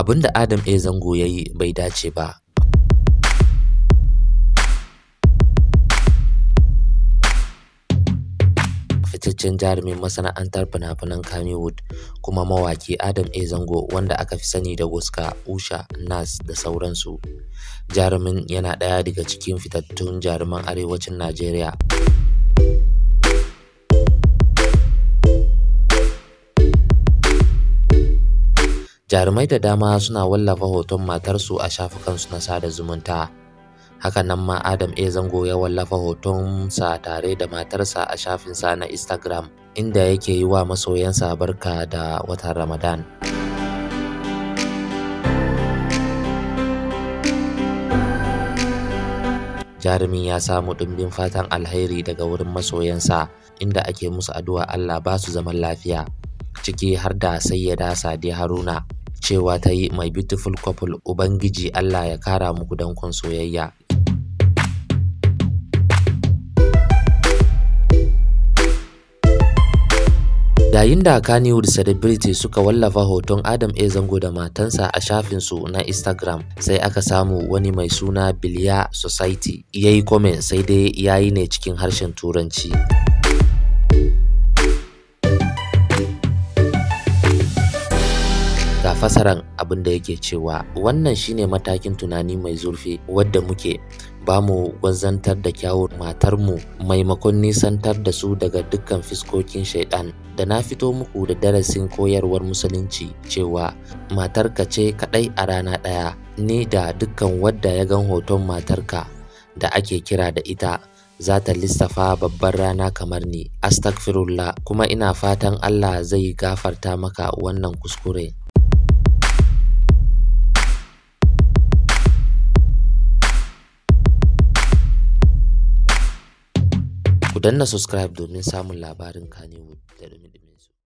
abinda Adam A zango ya yi bai dace ba fitaccen jarumin masana'antar fina-finan Kannywood kuma mawaki Adam A. Zango wanda aka fi sani da Goska, Usha, Nas da sauransu. Jarumin yana ɗaya daga cikin fitattun jaruman arewacin Najeriya. jarumai da dama suna wallafa hoton matarsu a shafukansu na sada zumunta haka nan ma adam a zango ya wallafa hoton sa tare da matarsa a shafinsa na instagram inda yake yi wa masoyansa barka da watan ramadan jarumi ya samu ɗimbin fatan alheri daga wurin masoyansa inda ake musu addu'a Allah ba su zaman lafiya ciki har da sayyada Sadi Haruna cewa ta yi my beautiful couple ubangiji Allah ya kara muku dankon soyayya yayin da Kaniwood celebrity suka wallafa hoton Adam A Zango da matansa a shafinsu na Instagram sai aka samu wani mai suna Biliya Society ya yi komen sai dai ya yi ne cikin harshen Turanci. fasaran abin da yake cewa wannan shine matakin tunani mai zurfi wadda muke ba mu gwanzantar da kyawun matarmu maimakon nisantar da su daga dukkan fiskokin shaidan da na fito muku da darasin koyarwar musulunci cewa matarka ce kadai a rana ɗaya. ni da dukkan wadda ya gan hoton matarka da ake kira da ita za ta lissafa babbar rana kamar ni astagfirullah kuma ina fatan allah zai gafarta maka wannan kuskure Ku danna subscribe domin samun labarin Kannywood da dumi su.